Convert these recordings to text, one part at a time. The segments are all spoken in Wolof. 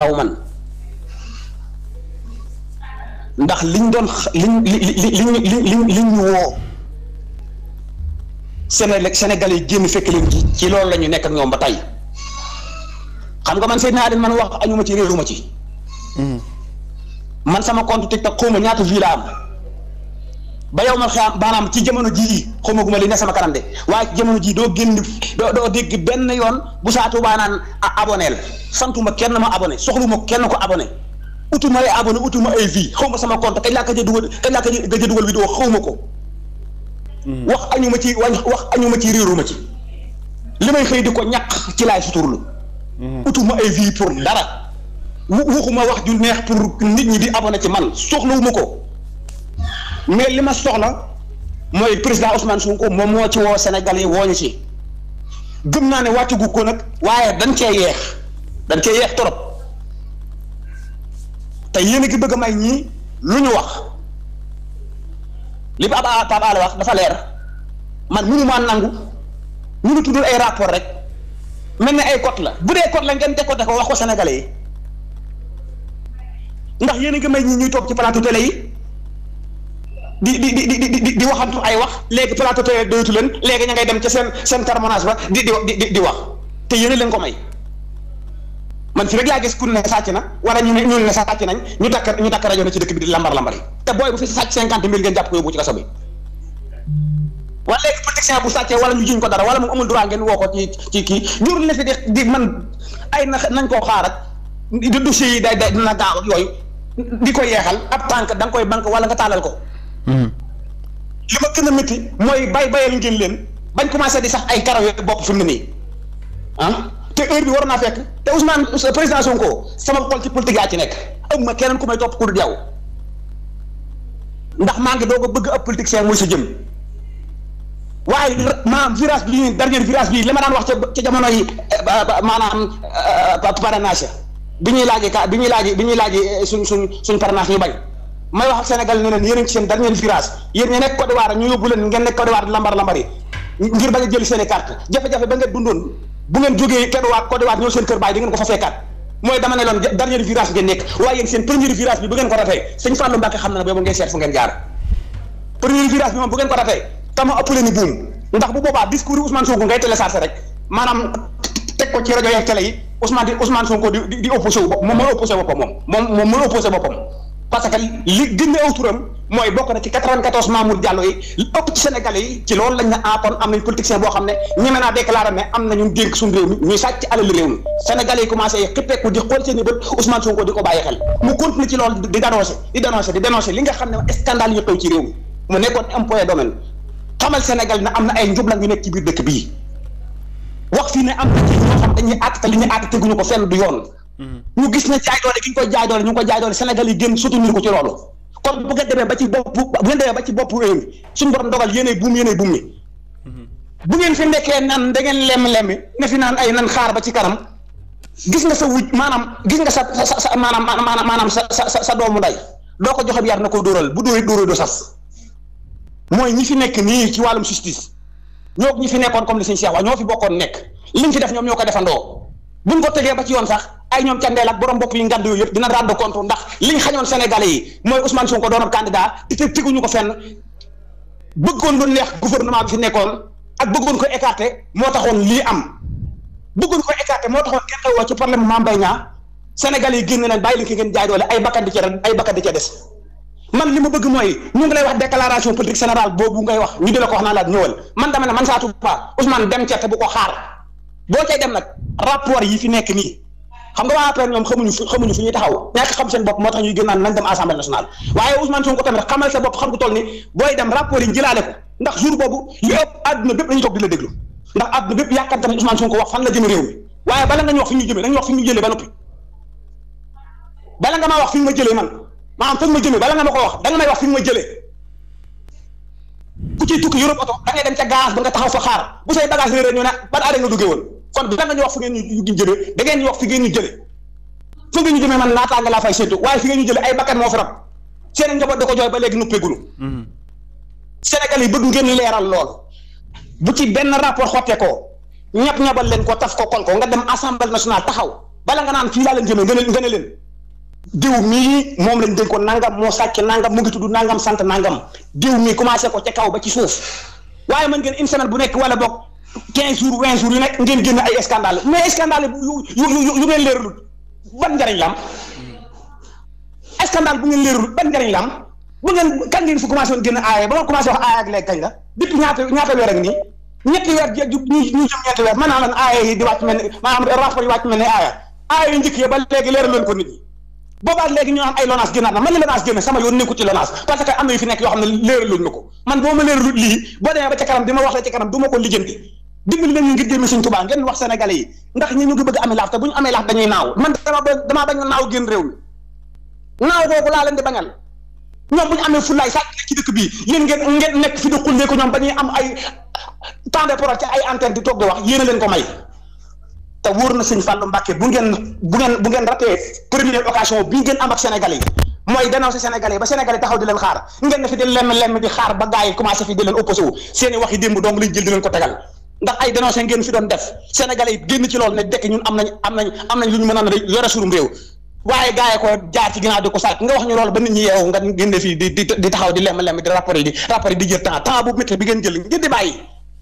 aw man ndax liñ doon liñ li li liñ liñ ñu woo Sénégal Sénégal yi génn fekk leen ci ci loolu la ñu nekk ak ñoom ba tey xam nga man seet naa leen man wax añuma ci réeruma ci hmm. man sama compte TikTok xawma ñaata vues la am ba yow ma xam maanaam ci jamono jii xamaguma li ne sama kanam de waaye ci jamono jii doo génn doo doo dégg benn yoon bu saa tuubaa naan aboneel santuma kenn ma abonné soxluma kenn ko abonné utuma ay abonné utuma ay vie xaw ma sama compte kañ laa gëj a dugal kañ laa gëj a dugal vidéo xaw ma ko. Hmm. wax añu ma ci wax añu ma ci réeru ma ci li may xëy di ko ñaq ci laay suturlu. Hmm. utuma ay vie pour dara. waxuma wax ju neex pour nit ñi di abonné ci man soxlawuma ko. mais li ma soxla mooy président Ousmane Sonko moom moo ci moo Sénégal yi woo ñu ci gëm naa ne wàccagu ko nag waaye dañ cee yeex dañ cee yeex trop te yéen a gi bëgg a may ñii lu ñu wax li Papa Papa Alé wax dafa leer man mënu maa nangu ñu ngi tuddul ay rapport rek mel ne ay cote la bu dee cote la ngeen décoté ko wax ko Sénégalais yi ndax yéen a may ñii ñuy toog ci plateau télé yi. di di di di di waxantu ay wax léegi plateau télé doyatu leen léegi ña ngay dem ca seen seen termonage ba di di di wax te yéen a leen ko may man fi rek laa gis ku ne sàcc na wala ñu ne ñu ne sàcc nañ ñu takk ñu dakk rajo ci dëkk bi di lambar lambari te booy bu fi sàcc cinquante mille ngeen jàpp ko yóbbu ci kaso bi wala léegi politicien bu sàccee wala ñu jiñ ko dara wala mu amul droit ngeen woo ko ci kii jur ne fi di di man ay na nañ koo xaarat di dossier yi day day dina gaaw ak yooyu di ko yeexal ab tànk da koy banque wala nga taalal ko li ma gën a métti mooy bay bayal ngeen leen bañ commencé di sax ay karaw yooyu bopp fi nii ah te heure bi war naa fekk te Ousmane euh, président ko sama xol ci politique yaa ci nekk am ma keneen ku may topp ku dul yow ndax maa ngi doog a bëgg ab politicien muy sa jëm waaye maanaam virage bi dernier virage bii li ma daan wax ca jamono yi euh, maanaam euh, parrainage bi ñuy laajee ka bi ñuy laajee bi ñuy laajee suñ suñ suñ parrainage ñu bañ. may wax ak Sénégal ne leen yéen a ngi seen dernier virage yéen ñi nekk Côte d'Ivoire ñu yóbbu leen ngeen nekk Côte d'Ivoire lambar lambar yi ngir bañ a jëli seen i carte jafe-jafe ba ngeen dundoon bu ngeen jógee Côte d'Ivoire Côte d'Ivoire ñëw seen kër baay di ngeen ko fa fekkaat mooy dama ne loon dernier virage ngeen nekk waaye yéen seen premier virage bi bu ngeen ko ratee sëñ Fallou Mbacke xam na ne boobu ngeen seet fu ngeen jaar premier virage bi moom bu ngeen ko ratee tama ëppale ni buum ndax bu boobaa discours yi Ousmane Sonko ngay télécharger rek maanaam teg ko ci rajo yeeg télé yi Ousmane di Ousmane Sonko di di opposé wu bopp moom mooy opposé boppam moom moom moom mooy opposé boppam parce que li gën a mooy bokk na ci 94 Mamour Diallo yi li ëpp ci Sénégalais yi ci loolu lañ ne ah am nañ politicien boo xam ne ñeme naa déclaré ne am nañu dénk suñu réew mi ñuy sàcc alal réew mi Sénégalais yi commencé xippeeku di xool seen i bët Ousmane Sonko di ko bàyyi xel mu continue ci loolu di dénoncé di dénoncé li nga xam ne scandale yu xew ci réew mu nekkoon employé domaine xamal Sénégal ne am na ay njublan yu nekk ci biir dëkk bii wax fii ne am na ci ñoo ko fenn yoon ñu gis na jaay doole ki ñu ko jaay doole ñu ngi ko jaay doole Sénégal yi génn soutenir ko ci loolu kon bu ngeen demee ba ci bopp bu ngeen demee ba ci bopp réew mi suñu borom dogal yéenay buum yéenay buum mi bu ngeen fi nekkee nan da ngeen lem-lemi ne fi naan ay nan xaar ba ci kanam gis nga sa wuj maanaam gis nga sa sa sa maanaam maanaam maanaam sa sa sa doomu nday doo ko joxe yar na ko dóoral bu dóoree dóoree doo sas mooy ñi fi nekk nii ci wàllum justice ñoo ñi fi nekkoon comme li sëñ Cheikh ñoo fi bokkoon nekk liñ fi def ñoom ñoo ko defandoo buñ ko tegee ba ci yoon sax ay ñoom candeel ak borom bopp yu ngand yooyu yëpp dina rendre compte ndax liñ xañoon sénégalais yi mooy Ousmane Sonko doon ab candidat te teguñu ko fenn bëggoon lu neex gouvernement bi fi nekkoon ak bëggoon ko écarté moo taxoon lii am bëggoon ko écarté moo taxoon kenn xewoo ci problème Mame Mbaye Niang sénégalais yi génn nañ bàyyi leen ki ngeen jaay doole ay bakkan di ca ay bakkan di ca des man li ma bëgg mooy ñu ngi lay wax déclaration politique générale boobu ngay wax ñu di la ko wax naa man dama ne man saa Touba dem ca te ko xaar boo cay dem nag rapport yi fi nekk nii xam nga a APR ñoom xamuñu fu xamuñu taxaw ñàkk xam seen bopp moo tax ñuy gën naan nañ dem assemblée nationale waaye Ousmane Sonko tamit xamal sa bopp xam ko toll ni booy dem rapport yi jëlaale ko ndax jour boobu li ëpp àdduna bépp dañuy toog di la déglu ndax àdduna bépp yàkkaar tamit Ousmane Sonko wax fan la jëme réew mi waaye bala nga ñu wax fi ñu jëmee jëlee ba nga ma jëlee man maanaam fa ma jëmee bala nga ma ko wax da nga may wax fi ñu ma jëlee ku ciy tukki Europe oto da ngay dem ca gaz ba nga taxaw fa xaar bu say bagage réer ñu ne ban arrêt nga duggee woon kon dina nga ñu wax fu ngeen ñu jëlee da ngeen ñu wax fi ngeen ñu jëlee fu ngeen ñu jëmee man naataanga laa fay séntu waaye fi ngeen ñu jëlee ay bakkan moo fi rab seen njaboot ba léegi nuppeegunu mhm. leeral lool bu ci benn rapport xotte ko ñab ñabal leen ko taf ko kol ko nga dem assemblée nationale taxaw bala naan fii laa leen jëmee nga ne ne leen diw mii moom lañ dénk ko nangam moo sàcc nangam mu ngi tudd nangam sant nangam diw mii commencé ko ca kaw ba ci suuf waaye mën ngeen une semaine bu nekk wala boog 15 jours 20 jours yu nekk ngeen génn ay scandale mais scandale yu yu yu ngeen leeralul ban njariñ la am scandale bu ngeen leeralul ban njariñ la am bu ngeen kan ngeen fi commencé woon génn aaya ba nga commencé aaya ak léegi kañ la depuis ñaata ñaata weer nii ñetti weer ñu ñu jëm ñetti weer maanaam lan aaya yi di wàcc mel ni maanaam rapport yi wàcc mel ni aaya aaya yu njëkk yi ba léegi leeraloon ko nit ñi boobaat léegi ñu naan ay lonaas génnaat na man li lonaas génne sama yoon nekku ci lonaas parce que am na yu fi nekk yoo xam ne léeraluñ ma ko man boo ma léeralut lii boo demee ba ca kanam di ma wax la ci kanam du leen ñoom bu ñu amee fulaay sàcc ci dëkk bii yéen ngeen nekk fi di xullee ko ñoom ba am ay temps de parole ci ay antenne di toog wax yéen a leen ko may te wóor na sëñ Fallou Mbacké bu ngeen bu ngeen bu ngeen ratee première occasion bii ngeen am ak Sénégalais yi mooy danaaw si yi ba Sénégalais yi i wax yi démb donc liñ jël di leen ko tegal ndax ay ci loolu ne dekk ñun am nañ a na yore suñu réew waaye gars yi taxaw di lemm lemm di rapport yi di rapport yi di jël temps temps bu métti bi ngeen jël ngeen di bàyyi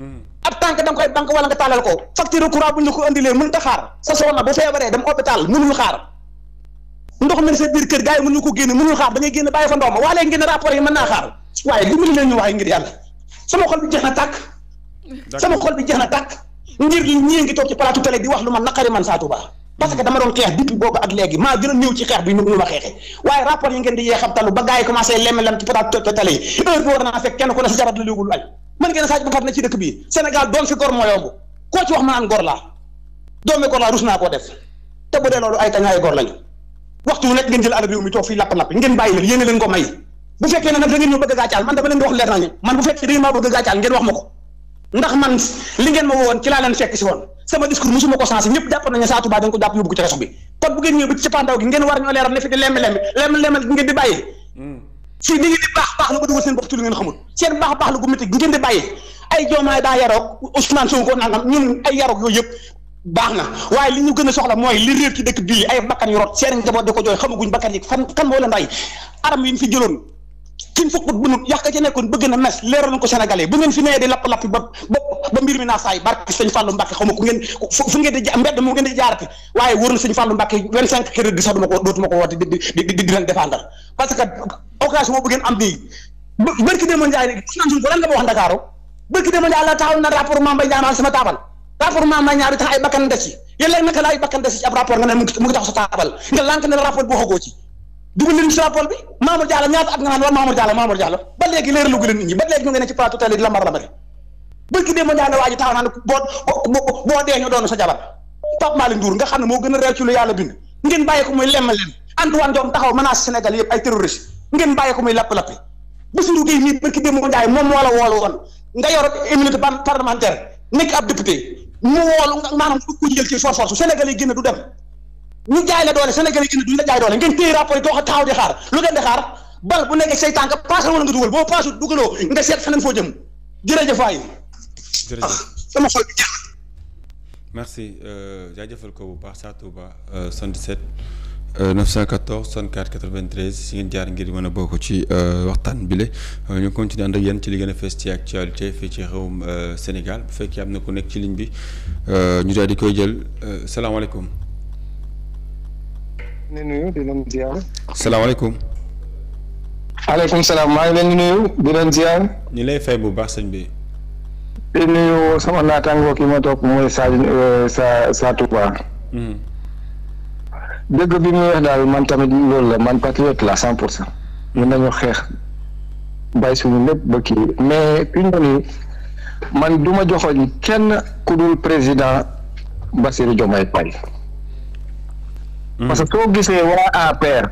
hmm. at tànk da nga koy banque wala nga tàllal ko facture courant bu ñu ko andilee mënut a xaar sa soxna bu feebaree dem hôpital mënul xaar ndox mi sa biir kër gars yi mënuñu ko génne mënul xaar da ngay génn bàyyi fa xaar waaye bi na tàkk sama xol bi jeex na a néew ci xeex bi ñu rapport yi ngeen di yeexam talu ba gars yi commencé lemme lam ci plateau télé yi heure bi war naa fekk kenn ku ne sa jabar la léegul añ mën ngeen sàcc ba far ne ci dëkk bii Sénégal doon fi gor moo koo ci wax ma naan gor laa doomi gor laa rus naa koo def te bu dee loolu ay kañaay gor lañu waxtu nekk ngeen jël bëgg gàccaal ngeen wax ma ko ndax man li ngeen ma woon ci laa leen fekk si woon sama discours musuma ko sensé ñëpp jàpp nañu Sa Touba dañ ko jàpp yóbbu ko ci kaso bi kon bu ngeen ñëw ba ci cappaandaw gi ngeen war ñoo leeral ne fi di lemm lemm lemm lemmal ngeen si ni ngeen di baax baax lu ko dugal seen bopp ci ngeen xamul seen baax baax lu ko ngeen di bàyyi ay joomaay daa yaroog Ousmane Sonko nangam ñun ay yaroog yooyu yëpp baax na waaye li ñu gën a soxla mooy li réer ci dëkk bii ay bakkan yu rot seen njaboot di ko jooy xamaguñ bakkan yi fan kan moo leen rey aram yi ñu fi jëloon kin fukk bu nu yàq ci nekkoon bëgg na mes leeral ko Sénégalais bu ngeen fi nee di lapp-lapp ba ba mbir mi naa saay barke sëñ Fallou Mbacke xaw ma ku ngeen fu mu ngeen di jaarati waaye wóor na sëñ Fallou Mbacke di sax duma ko dootuma ko woote di di di di leen taabal nga ne nga lànk rapport boo xagoo ci dugal leen ci rapport bi Mamour Diallo ñaata nga naan war Mamour Diallo Mamour Diallo ba léegi leeralu leen nit ñi ba léegi ñu ngi ne ci plateau télé di lambar lambari bëgg dee ma ñaan waa xam ne moo gën a reer ci lu yàlla bind ngeen bàyyi ko muy lemm leen Antoine Diome taxaw menace Sénégal yëpp ay ma Ndiaye moom moo la woolu woon nga yor immunité parlementaire nekk yi génn du dem ñu jaay la doole Sénégal yi génn duñ la jaay doole ngeen téye rapport yi too taxaw di xaar lu ngeen di xaar bal bu nekkee say tànk paasal wala nga dugal boo paasul dugaloo nga seet feneen foo jëm jërëjëf waay jërëjëf ah, sama xol bi jeex euh, jaajëfal ko bu baax saa Touba 77 914 64 93 si ngeen jaar ngir mën a bokk ci euh, waxtaan bile euh, ñu continuer ànd ak yéen ci li gën fees ci actualité fii ci réewum Sénégal bu fekkee am na ku nekk ci ligne bi ñu daal di koy jël salaamaaleykum. ne nuyu salaamaaleykum. maaleykum salaam maa ngi nuyu di leen ziar. ñu lay fay bu baax sañ bi. te nuyu sama naataangoo ki ma topp mooy Sadio sa sa Touba. Hmm. dëgg bi mu weex daal man tamit loolu la man patriote la cent pour cent hmm. ne nañu xeex bàyyi suñu lépp ba kii mais fi mu nii man du ma joxoñ kenn ku dul président Bassirou Diomaye Faye hmm. parce que soo gisee waa APR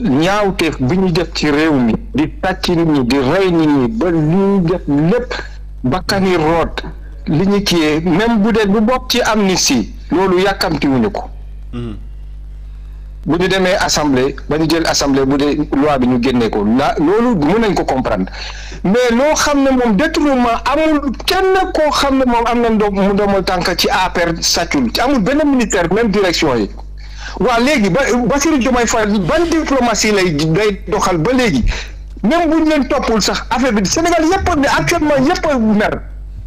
ñaawteef bi ñu def ci réew mi di tàcc nit ñi di rey nit ba li ñu def lépp bakkani root li ñu kiyee même bu dee bu bokk ci am amnistie loolu yàkkamtiwuñu ko hmm. bu ñu demee assemblée ba ñu jël assemblée bu dee loi bi ñu génnee ko la loolu mën nañ ko comprendre mais loo xam ne moom détournement amul kenn koo xam ne moom am na ndoom mu ndoomal tànk ci APR sàccul amul benn militaire même direction yi waaw léegi ba Bassirou Diomaye Faye ban diplomatie lay day doxal ba léegi même bu ñu leen toppul sax affaire bi Sénégal yëpp a actuellement yëpp a mer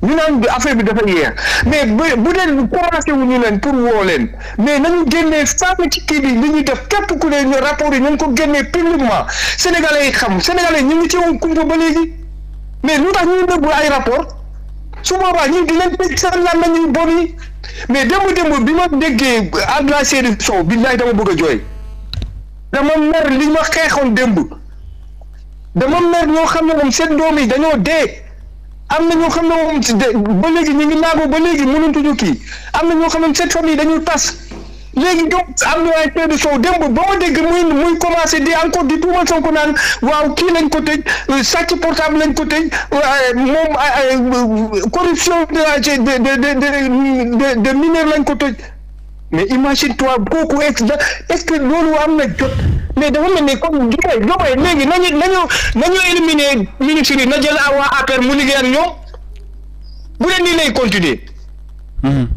ñu naan affaire bi dafa yéex mais bu dee commencé wu ñu leen pour woo leen mais nañu génnee femme ci kii bi li ñuy def képp ku ne ñu rapport yi nañ ko génnee publiquement sénégalais xam sénégalais ñu ngi ci woon kumpa ba léegi mais lu tax ñu nëbbul ay rapport su boobaa ñu di leen tëj seen lan nañuy bon yi mais démb démb bi ma déggee Abdoulaye Seydou Sow billaay dama bëgg a jooy dama mer li ma xeexoon démb. dama mer ñoo xam ne moom seen doom yi dañoo dee am na ñoo xam ne moom ba léegi ñu ngi naagu ba léegi ñu kii am na ñoo xam ne seen famille dañu tas léegi donc am na de sow ba ma dégg muy di encore di tuumal Sonko naan waaw kii lañ ko tëj sàcc portable lañ ko tëj moom corruption de de de de mineur lañ ko tëj mais imagine toi kooku est-ce que loolu am na jot. mais dafa mel ni comme Diomaye Diomaye léegi nañu nañu nañu éliminer ministre yi na jël waa APR mu liggéey ak ñoom bu dee nii lay continuer. Mhm.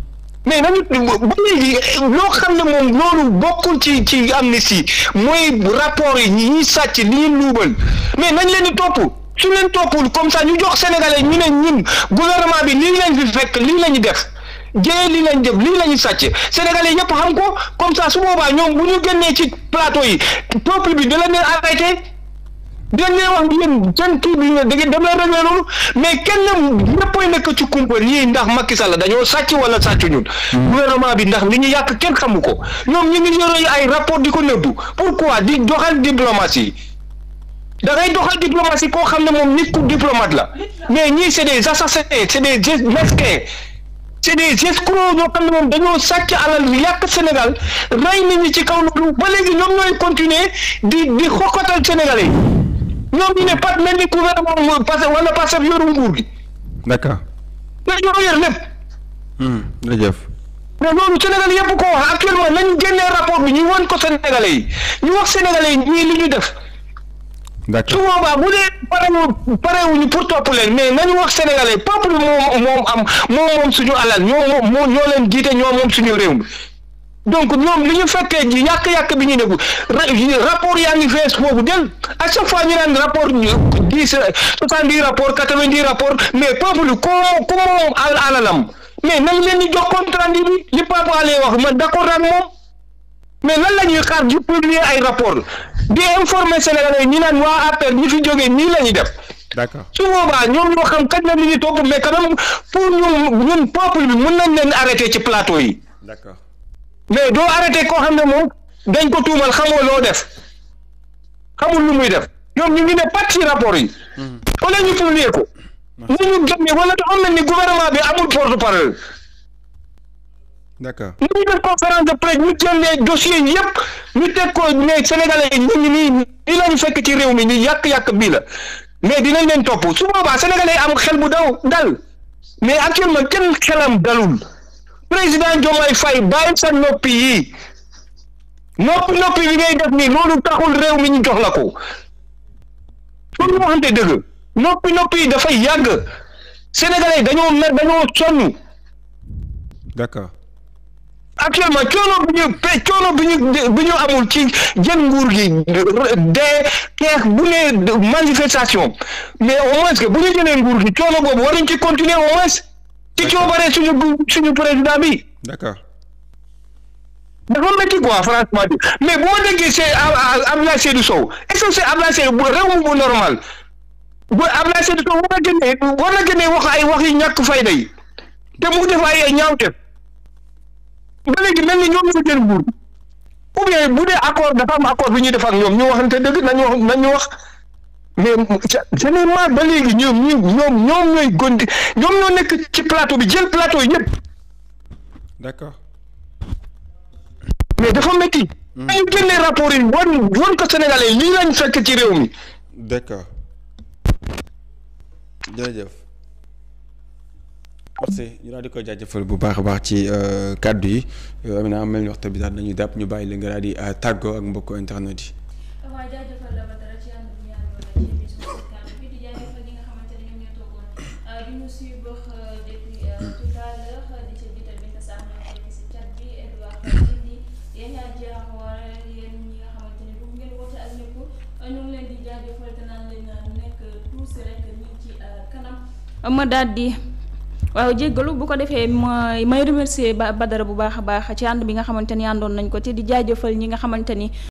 mais nañu ba léegi loo xam ne moom loolu bokkul ci ci am amnistie mooy rapport yi ñi ñuy sàcc li ñuy luubal mais nañ leen di topp su leen toppul comme ça ñu jox sénégalais ñu ne ñun gouvernement bi lii lañ fi fekk lii la ñu def. jëlee lii lañ jëm lii la ñuy sàcc sénégalais yëpp xam ko comme ça su boobaa ñoom bu ñu génnee ci plateau yi peuple bi da leen leen arrêté da leen leen wax yéen seen kii bi da ngeen dem leen réglé loolu mais kenn ñëppay nekk ci kumpa ñi ndax Macky la dañoo sàcc wala sàccu ñun gouvernement bi ndax li ñu yàkk kenn xamu ko ñoom ñu ngi yore ay rapport di ko nëbbu pourquoi di doxal diplomatie da ngay doxal diplomatie koo xam ne moom nit ku diplomate la mais ñii c'est des assassins c'est des mesquins c'est des escrocs ñoo xam ne moom dañoo sàcc alal yàq Sénégal rey nañu ci kaw loolu ba léegi ñoom ñooy continuer di di xoqatal Sénégalais yi ñoom ñu ne pat mel ni gouvernement parce que wala parce que yoru nguur gi. d'accord. mais ñoo yor lépp. Hmm, jërëjëf. mais loolu Sénégal yëpp ko wax actuellement nañ génnee rapport bi ñu wan ko Sénégalais yi ñu wax Sénégalais yi ñii li def. su boobaa bu dee parewuñu pour topp leen mais nañu wax sénégalais peuple moom moom am moom moom suñu alal ñoo moo ñoo leen jiite ñoo moom suñu réew mi donc ñoom li ñu fekkee ji yàq-yàq bi ñu nekku rapport yaa ngi fees foofu del a chaque fois ñu naan rapport dix soixante dix rapport quatre vingt dix rapport mais peuple ku moom ku moom alalam mais nañ leen di jox compte li papa Alé wax man d'accord ak moom mais lan la ñuy xaar di publier ay rapport di informer Sénégalais ñi naan waa APR ñi fi jógee nii la ñuy def. d'accord su boobaa ñoom kañ la li ñuy topp mais quand même pour ñun ñun peuple bi nañ leen arrêté ci plateau yi. d'accord mais doo arrêté koo xam ne moom dañ ko tuumal xamoo loo def xamul lu muy def ñoom ñu ngi ne pat ci rapport yi. wala hmm. ñu publier ko. ñu ñu jot wala dafa mel ni gouvernement bi amul porte-parole. d'accord ñu def conférence de presse ñu jël les dossiers yëpp ñu teg ko ne sénégalais yi ñu nii nii la ñu fekk ci réew mi nii yàq-yàq bii la mais dinañ leen topp su boobaa sénégalais yi am xel bu daw dal mais actuellement kenn xelam dalul président Diomaye Faye bàyyi sa noppi yi noppi noppi bi ngay def nii loolu taxul réew mi ñu jox la ko pour ñu waxante dëgg noppi noppi yi dafay yàgg sénégalais dañoo mer dañoo sonn d'accord actuellement coono bi ñu pe coono bi ñu bi ñu amul ci jën nguur gi de xeex bu ne manifestation mais au moins que bu ñu jëlee nguur gi coono boobu war nañ ci continuer au ci coobare suñu suñu président bi d'accord dafa métti quoi franchement bi mais bu ma déggee c'est Abdoulaye Seydou Sow est-ce que c'est Abdoulaye Seydou bu réew bu normal bu Abdoulaye Seydou Sow war na génnee war wax ay wax yu ñàkk fayda yi te mu def ay ñaawte ba léegi mel ni ñoom sa jël nguur ou bien bu dee accord dafa am accord bi ñuy def ak ñoom ñu waxante dëgg nañu wax nañu wax mais généralement ba léegi ñoom ñoom ñoom ñooy gondi ñoom ñoo nekk ci plateau bi jël plateau yëpp. d'accord. mais dafa métti. dañu hmm. génnee rapport yi wan wan ko Sénégalais lii lañ fekk ci réew mi. d'accord merci ñu daal di koy jaajëfal bu baax a baax ci euh, kàddu yi euh, Amina mel ni waxtu bi daal nañu dàpp ñu bàyyi la nga daal di euh, tàggoo ak mbokku internet yi. ma daal di waaw jéggalu bu ko defee may may remercier Badara bu baax a baax ci ànd bi nga xamante ni àndoon nañ ko ci di jaajëfal ñi nga xamante ni